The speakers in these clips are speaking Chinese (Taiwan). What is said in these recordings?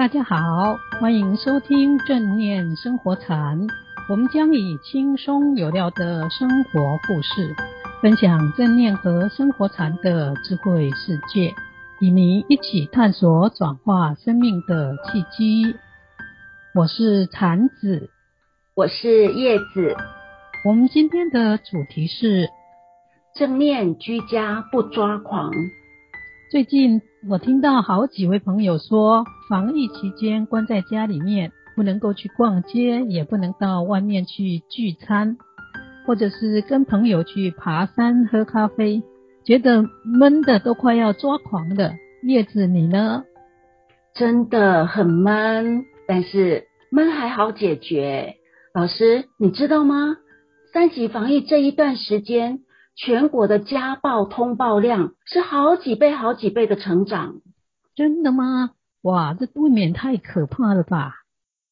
大家好，歡迎收聽正念生活禪。我們將以輕鬆有料的生活故事，分享正念和生活禪的智慧世界，與您一起探索轉化生命的契機。我是禪子，我是葉子。我們今天的主題是正念居家不抓狂。最近。我聽到好幾位朋友說，防疫期間關在家裡面，不能夠去逛街，也不能到外面去聚餐，或者是跟朋友去爬山、喝咖啡，覺得悶得都快要抓狂了。葉子，你呢？真的很悶，但是悶還好解決。老師，你知道嗎？三級防疫這一段時間。全國的家暴通報量是好幾倍、好幾倍的成長，真的嗎？哇，這未免太可怕了吧？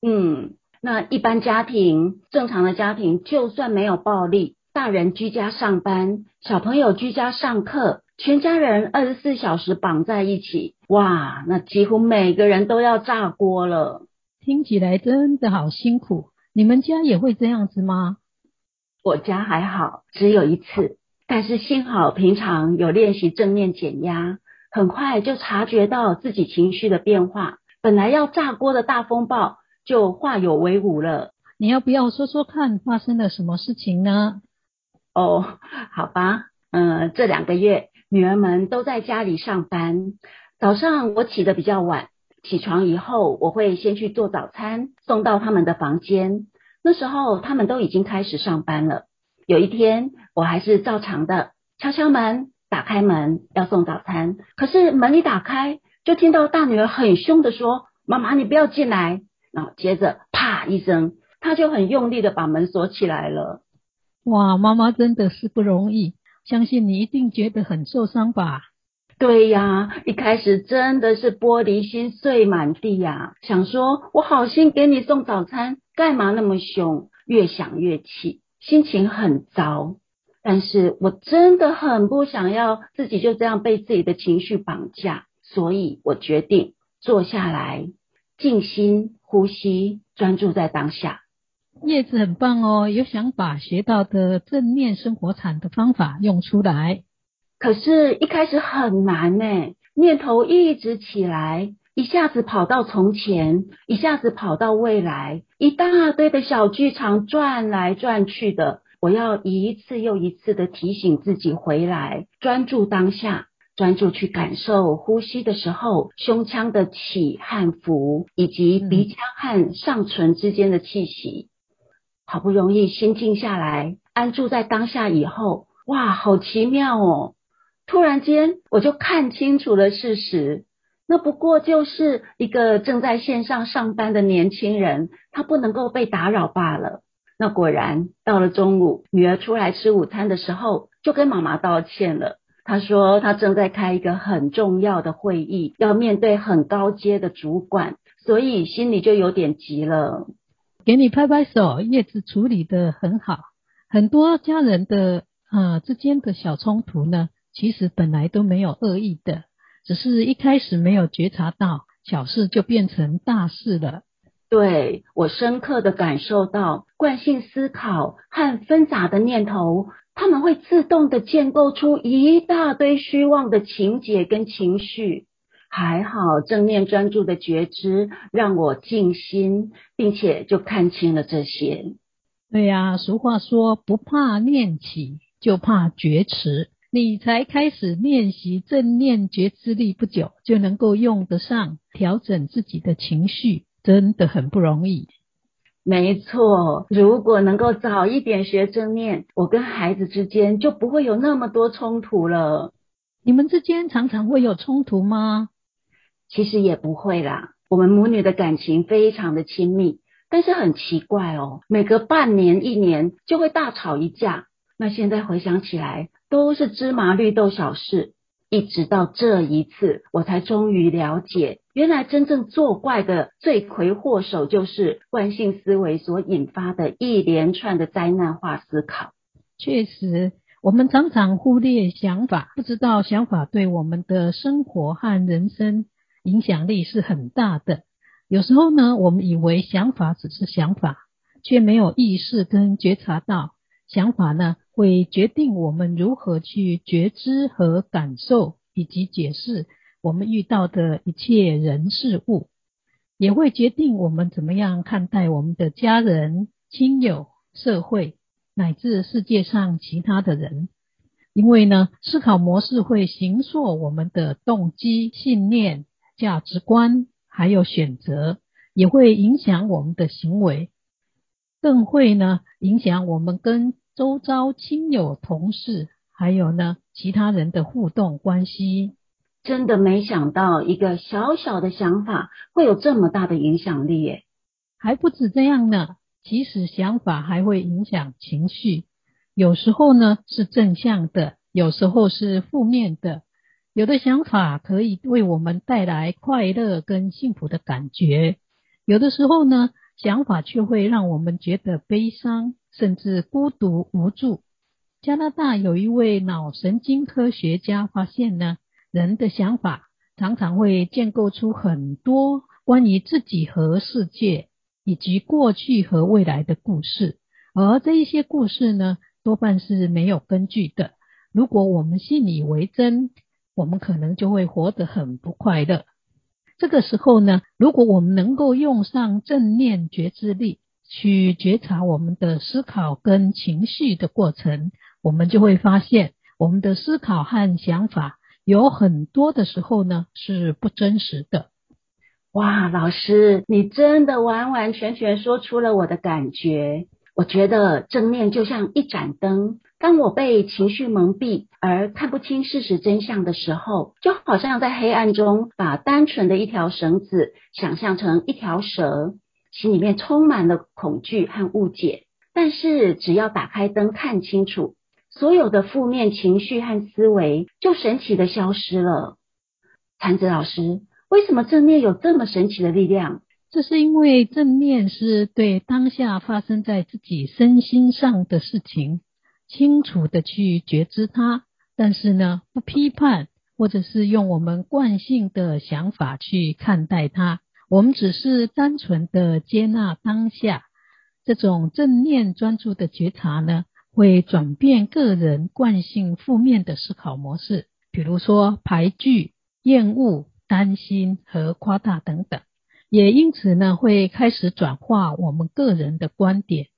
嗯，那一般家庭、正常的家庭，就算沒有暴力，大人居家上班，小朋友居家上課，全家人二十四小時綁在一起，哇，那幾乎每個人都要炸鍋了。聽起來真的好辛苦，你們家也會這樣子嗎？我家還好，只有一次。但是幸好平常有練習正念減壓，很快就察覺到自己情緒的變化。本來要炸鍋的大風暴就化有為無了。你要不要說說看發生了什麼事情呢？哦，好吧，嗯、呃，這兩個月女兒們都在家裡上班。早上我起得比較晚，起床以後我會先去做早餐，送到她們的房間。那時候她們都已經開始上班了。有一天，我還是照常的敲敲門，打開門要送早餐。可是門一打開，就聽到大女兒很凶的說：“媽媽，你不要進來。”然後接着啪一聲，她就很用力的把門鎖起來了。哇，媽媽真的是不容易，相信你一定覺得很受傷吧？對呀，一開始真的是玻璃心碎滿地呀，想說我好心給你送早餐，幹嘛那麼凶，越想越氣。心情很糟，但是我真的很不想要自己就這樣被自己的情緒綁架，所以我決定坐下來靜心呼吸，專注在當下。葉子很棒哦，有想把學到的正念生活禪的方法用出來，可是，一開始很難呢，念頭一直起來，一下子跑到從前，一下子跑到未來。一大堆的小劇場轉來轉去的，我要一次又一次的提醒自己回來，專注當下，專注去感受呼吸的時候，胸腔的起和伏，以及鼻腔和上唇之間的氣息，嗯。好不容易心靜下來，安住在當下以後，哇，好奇妙哦！突然間我就看清楚了事實。那不過就是一個正在線上上班的年輕人，他不能夠被打擾罷了。那果然到了中午，女兒出來吃午餐的時候，就跟媽媽道歉了。她說她正在開一個很重要的會議，要面對很高階的主管，所以心裡就有點急了。給你拍拍手，葉子處理得很好。很多家人的啊、呃、之間的小衝突呢，其實本來都沒有惡意的。只是一開始沒有覺察到，小事就變成大事了。對，我深刻地感受到，慣性思考和紛雜的念頭，他們會自動地建構出一大堆虛妄的情節跟情緒。還好正念專注的覺知，讓我靜心，並且就看清了這些。對呀，啊，俗話說，不怕念起，就怕覺遲。你才開始練習正念覺知力不久，就能夠用得上調整自己的情緒，真的很不容易。沒錯，如果能夠早一點學正念，我跟孩子之間就不會有那麼多衝突了。你們之間常常會有衝突嗎？其實也不會啦，我們母女的感情非常的親密，但是很奇怪哦，每隔半年、一年就會大吵一架。那現在回想起來，都是芝麻綠豆小事。一直到這一次，我才終於了解，原來真正作怪的罪魁禍首就是慣性思維所引發的一連串的災難化思考。確實，我們常常忽略想法，不知道想法對我們的生活和人生影響力是很大的。有時候呢，我們以為想法只是想法，卻沒有意識跟覺察到想法呢，會決定我們如何去覺知和感受，以及解釋我們遇到的一切人事物，也會決定我們怎麼樣看待我們的家人、親友、社會乃至世界上其他的人。因為呢，思考模式會形塑我們的動機、信念、價值觀，還有選擇，也會影響我們的行為，更會呢影響我們跟。週遭親友、同事，還有呢其他人的互動關係，真的沒想到一個小小的想法會有這麼大的影響力誒，還不止這樣呢，其實想法還會影響情緒，有時候呢是正向的，有時候是負面的。有的想法可以為我們帶來快樂跟幸福的感覺，有的時候呢。想法卻會讓我們覺得悲傷，甚至孤獨無助。加拿大有一位腦神經科學家發現呢，人的想法常常會建構出很多關於自己和世界，以及過去和未來的故事，而這一些故事呢，多半是沒有根據的。如果我們信以為真，我們可能就會活得很不快樂。這個時候呢，如果我們能夠用上正念覺知力去覺察我們的思考跟情緒的過程，我們就會發現，我們的思考和想法有很多的時候呢是不真實的。哇，老師，你真的完完全全說出了我的感覺。我覺得正念就像一盞燈，當我被情緒蒙蔽而看不清事實真相的時候，就好像在黑暗中把單純的一條繩子想象成一條蛇，心裡面充滿了恐懼和誤解。但是只要打開燈看清楚，所有的負面情緒和思維就神奇的消失了。禪子老師，為什麼正念有這麼神奇的力量？這是因為正念是對當下發生在自己身心上的事情，清楚的去覺知它，但是呢，不批判，或者是用我們慣性的想法去看待它。我們只是單純的接納當下。這種正念專注的覺察呢，會轉變個人慣性負面的思考模式，比如說排拒、厭惡、擔心和誇大等等。也因此呢，會開始轉化我們個人的觀點，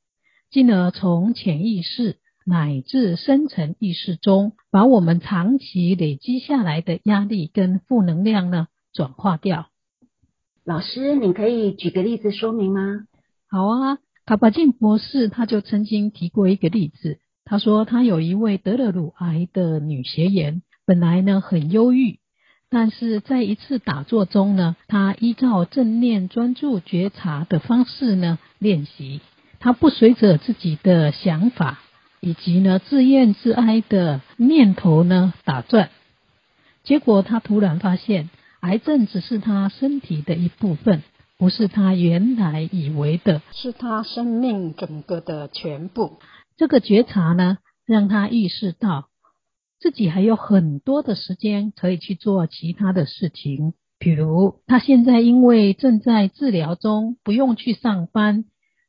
進而從潛意識乃至深層意識中，把我們長期累積下來的壓力跟負能量呢轉化掉。老師，你可以舉個例子說明嗎？好啊，卡巴金博士他就曾經提過一個例子，他說他有一位得了乳癌的女學員，本來呢很憂鬱。但是在一次打坐中呢，他依照正念專注覺察的方式呢練習，他不隨着自己的想法以及呢自怨自哀的念頭呢打轉，結果他突然發現，癌症只是他身體的一部分，不是他原來以為的，是他生命整個的全部。這個覺察呢，讓他意識到。自己還有很多的時間可以去做其他的事情，比如他現在因為正在治療中，不用去上班，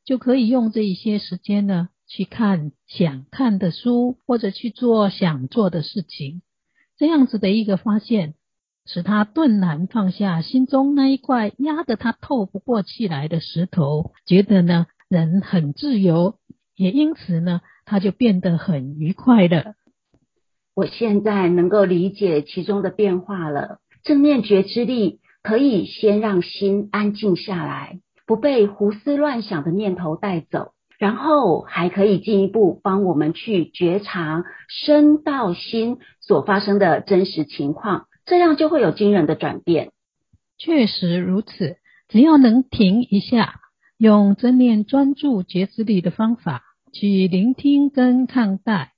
就可以用這一些時間呢去看想看的書，或者去做想做的事情。這樣子的一個發現，使他頓然放下心中那一塊壓得他透不過氣來的石頭，覺得呢人很自由，也因此呢他就變得很愉快了。我現在能夠理解其中的變化了。正念覺知力可以先讓心安靜下來，不被胡思亂想的念頭帶走，然後還可以進一步幫我們去覺察身到心所發生的真實情況，這樣就會有驚人的轉變。確實如此，只要能停一下，用正念專注覺知力的方法去聆聽跟看待，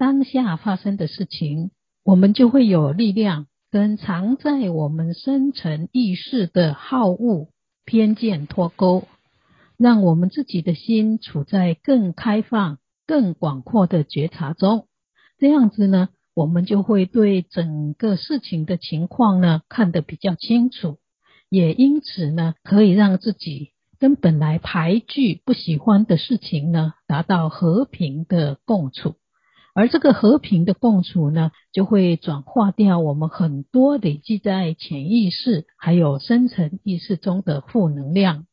當下發生的事情，我們就會有力量跟藏在我們深層意識的好惡、偏見脫鈎，讓我們自己的心處在更開放、更廣闊的覺察中。這樣子呢，我們就會對整個事情的情況呢看得比較清楚，也因此呢，可以讓自己跟本來排拒、不喜歡的事情呢達到和平的共處。而這個和平的共處呢，就會轉化掉我們很多累積在潛意識還有深層意識中的負能量。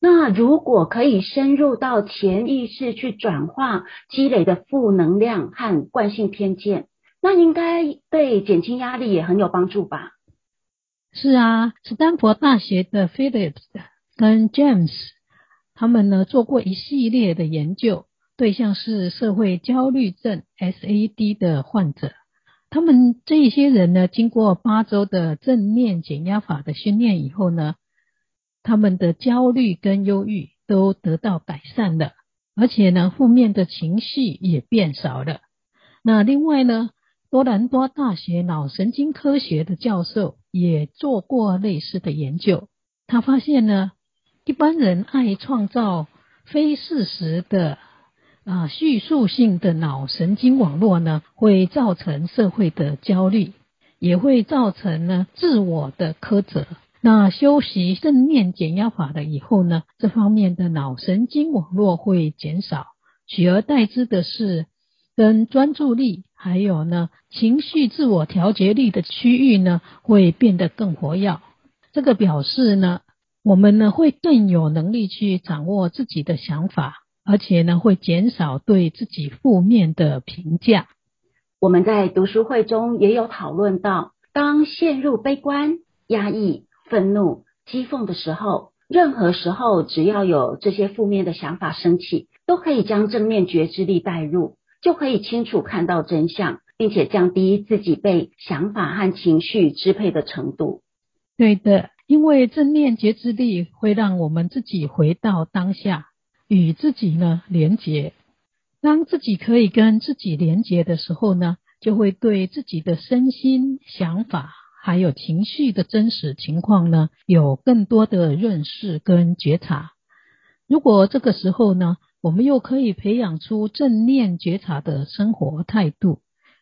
那如果可以深入到潛意識去轉化積累的負能量和慣性偏見，那應該對減輕壓力也很有幫助吧？是啊，史丹佛大學的 Phillips 跟 James 他們呢做過一系列的研究。對象是社會焦慮症 （SAD） 的患者，他們這些人呢，經過八周的正念減壓法的訓練以後呢，他們的焦慮跟憂鬱都得到改善了，而且呢，負面的情緒也變少了。那另外呢，多倫多大學腦神經科學的教授也做過類似的研究，他發現呢，一般人愛創造非事實的。啊，敘述性的腦神經網絡呢，會造成社會的焦慮，也會造成呢自我的苛責。那修習正念減壓法了以後呢，這方面的腦神經網絡會減少，取而代之的是跟專注力，還有呢情緒自我調節力的區域呢，會變得更活躍。這個表示呢，我們呢會更有能力去掌握自己的想法。而且呢，會減少對自己負面的評價。我們在讀書會中也有討論到，當陷入悲觀、壓抑、憤怒、譏諷的時候，任何時候只要有這些負面的想法升起，都可以將正念覺知力帶入，就可以清楚看到真相，並且降低自己被想法和情緒支配的程度。對的，因為正念覺知力會讓我們自己回到當下。與自己呢連結，當自己可以跟自己連接的時候呢，就會對自己的身心、想法還有情緒的真實情況呢，有更多的認識跟覺察。如果這個時候呢，我們又可以培養出正念覺察的生活態度，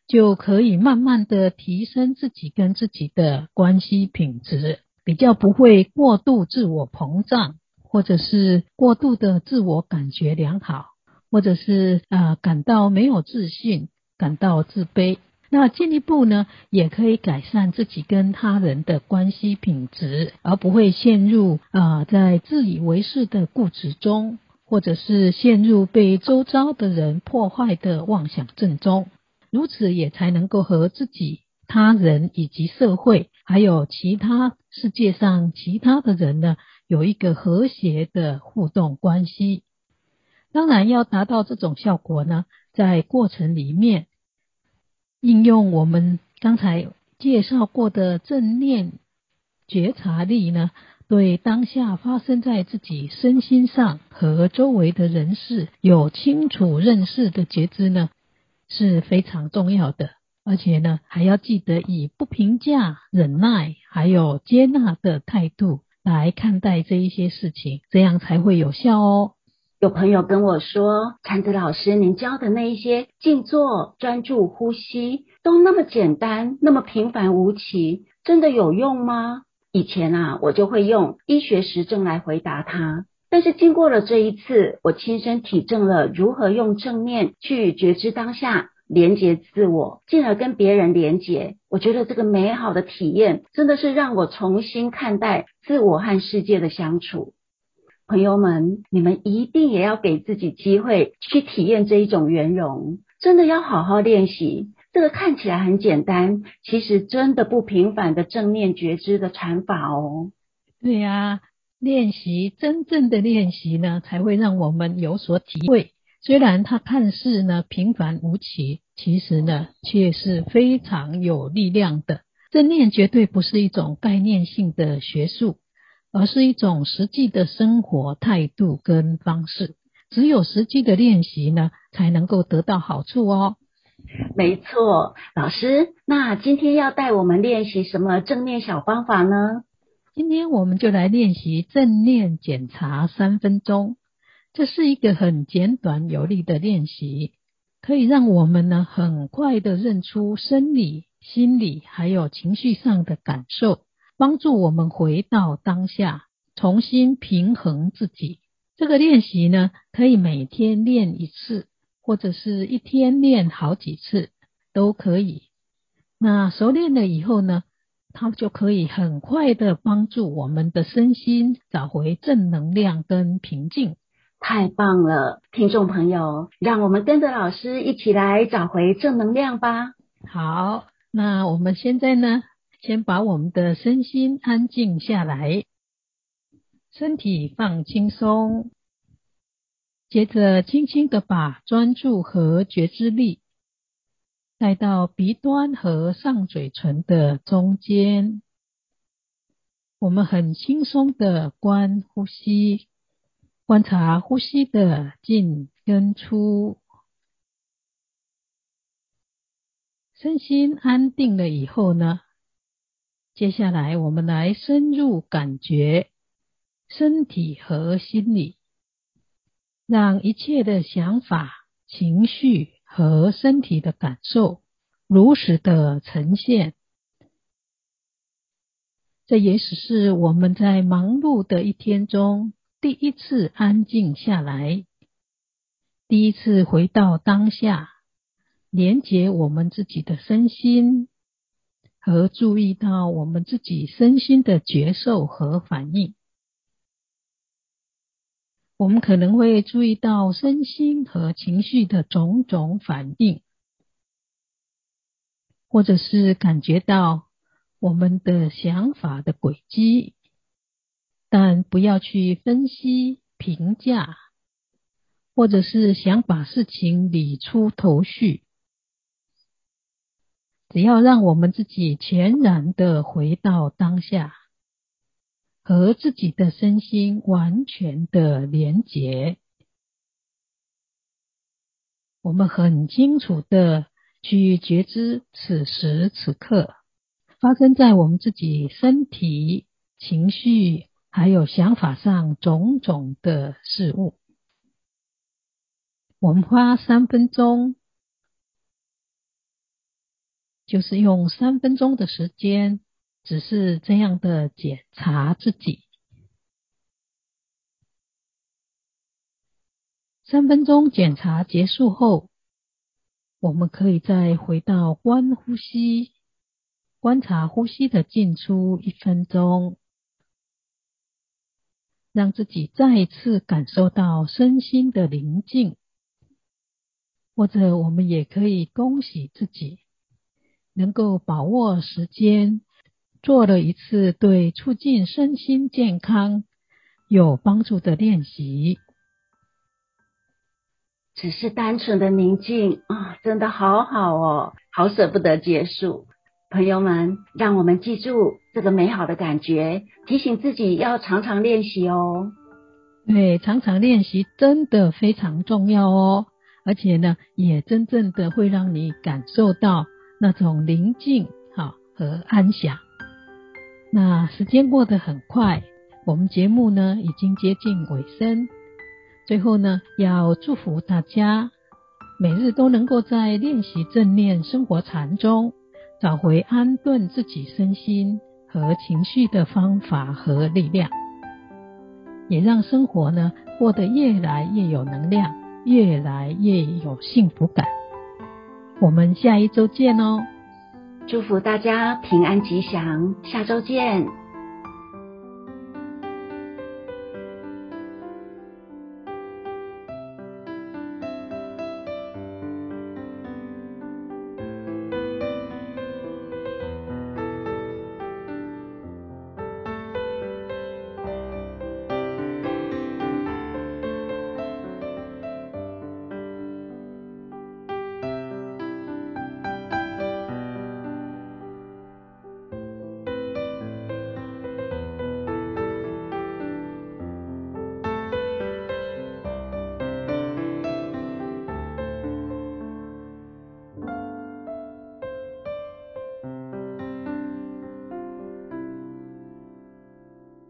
就可以慢慢的提升自己跟自己的關係品質，比較不會過度自我膨脹。或者是過度的自我感覺良好，或者是啊、呃、感到沒有自信、感到自卑。那進一步呢，也可以改善自己跟他人的關係品質，而不會陷入啊、呃、在自以為是的固執中，或者是陷入被周遭的人破壞的妄想症中。如此也才能夠和自己、他人以及社會，還有其他世界上其他的人呢，有一個和諧的互動關係。當然，要達到這種效果呢，在過程裡面應用我們剛才介紹過的正念覺察力呢，對當下發生在自己身心上和周圍的人事有清楚認識的覺知呢，是非常重要的。而且呢，還要記得以不評價、忍耐還有接納的態度來看待這一些事情，這樣才會有效哦。有朋友跟我說：“禪德老師，您教的那一些靜坐、專注呼吸都那麼簡單，那麼平凡無奇，真的有用嗎？”以前啊，我就會用醫學實證來回答他，但是經過了這一次，我親身體證了如何用正念去覺知當下。連接自我，進而跟別人連接。我覺得這個美好的體驗，真的是讓我重新看待自我和世界的相處。朋友們，你們一定也要給自己機會去體驗這一種圓融，真的要好好練習。這個看起來很簡單，其實真的不平凡的正念覺知的禪法哦、喔。對呀、啊，練習，真正的練習呢，才會讓我們有所體會。雖然它看似呢平凡無奇，其實呢卻是非常有力量的。正念絕對不是一種概念性的學術，而是一種實際的生活態度跟方式。只有實際的練習呢，才能夠得到好處哦。沒錯，老師，那今天要帶我們練習什麼正念小方法呢？今天我們就來練習正念檢查三分鐘。這是一個很簡短有力的練習，可以讓我們呢很快的認出生理、心理還有情緒上的感受，幫助我們回到當下，重新平衡自己。這個練習呢，可以每天練一次，或者是一天練好幾次都可以。那熟練了以後呢，它就可以很快的幫助我們的身心找回正能量跟平靜。太棒了，聽眾朋友，讓我們跟着老師一起來找回正能量吧。好，那我們現在呢，先把我們的身心安靜下來，身體放輕鬆，接着輕輕的把專注和覺知力帶到鼻端和上嘴唇的中間，我們很輕鬆的觀呼吸。觀察呼吸的進跟出，身心安定了以後呢，接下來我們來深入感覺身體和心理，讓一切的想法、情緒和身體的感受如實的呈現。這也許是我們在忙碌的一天中，第一次安靜下來，第一次回到當下，連接我們自己的身心，和注意到我們自己身心的覺受和反應。我們可能會注意到身心和情緒的種種反應，或者是感覺到我們的想法的軌跡。但不要去分析、評價，或者是想把事情理出頭緒。只要讓我們自己全然的回到當下，和自己的身心完全的連結，我們很清楚的去覺知此時此刻發生在我們自己身體、情緒。還有想法上種種的事物，我們花三分鐘，就是用三分鐘的時間，只是這樣的檢查自己。三分鐘檢查結束後，我們可以再回到觀呼吸，觀察呼吸的進出一分鐘。讓自己再一次感受到身心的寧靜，或者我們也可以恭喜自己，能夠把握時間做了一次對促進身心健康有幫助的練習。只是單純的寧靜啊，哦，真的好好哦，好捨不得結束。朋友們，讓我們記住這個美好的感覺，提醒自己要常常練習哦。對，常常練習真的非常重要哦，而且呢，也真正的會讓你感受到那種寧靜哈和安詳。那時間過得很快，我們節目呢已經接近尾聲，最後呢要祝福大家，每日都能夠在練習正念生活禪中。找回安頓自己身心和情緒的方法和力量，也讓生活呢過得越來越有能量，越來越有幸福感。我們下一周見哦！祝福大家平安吉祥，下周見。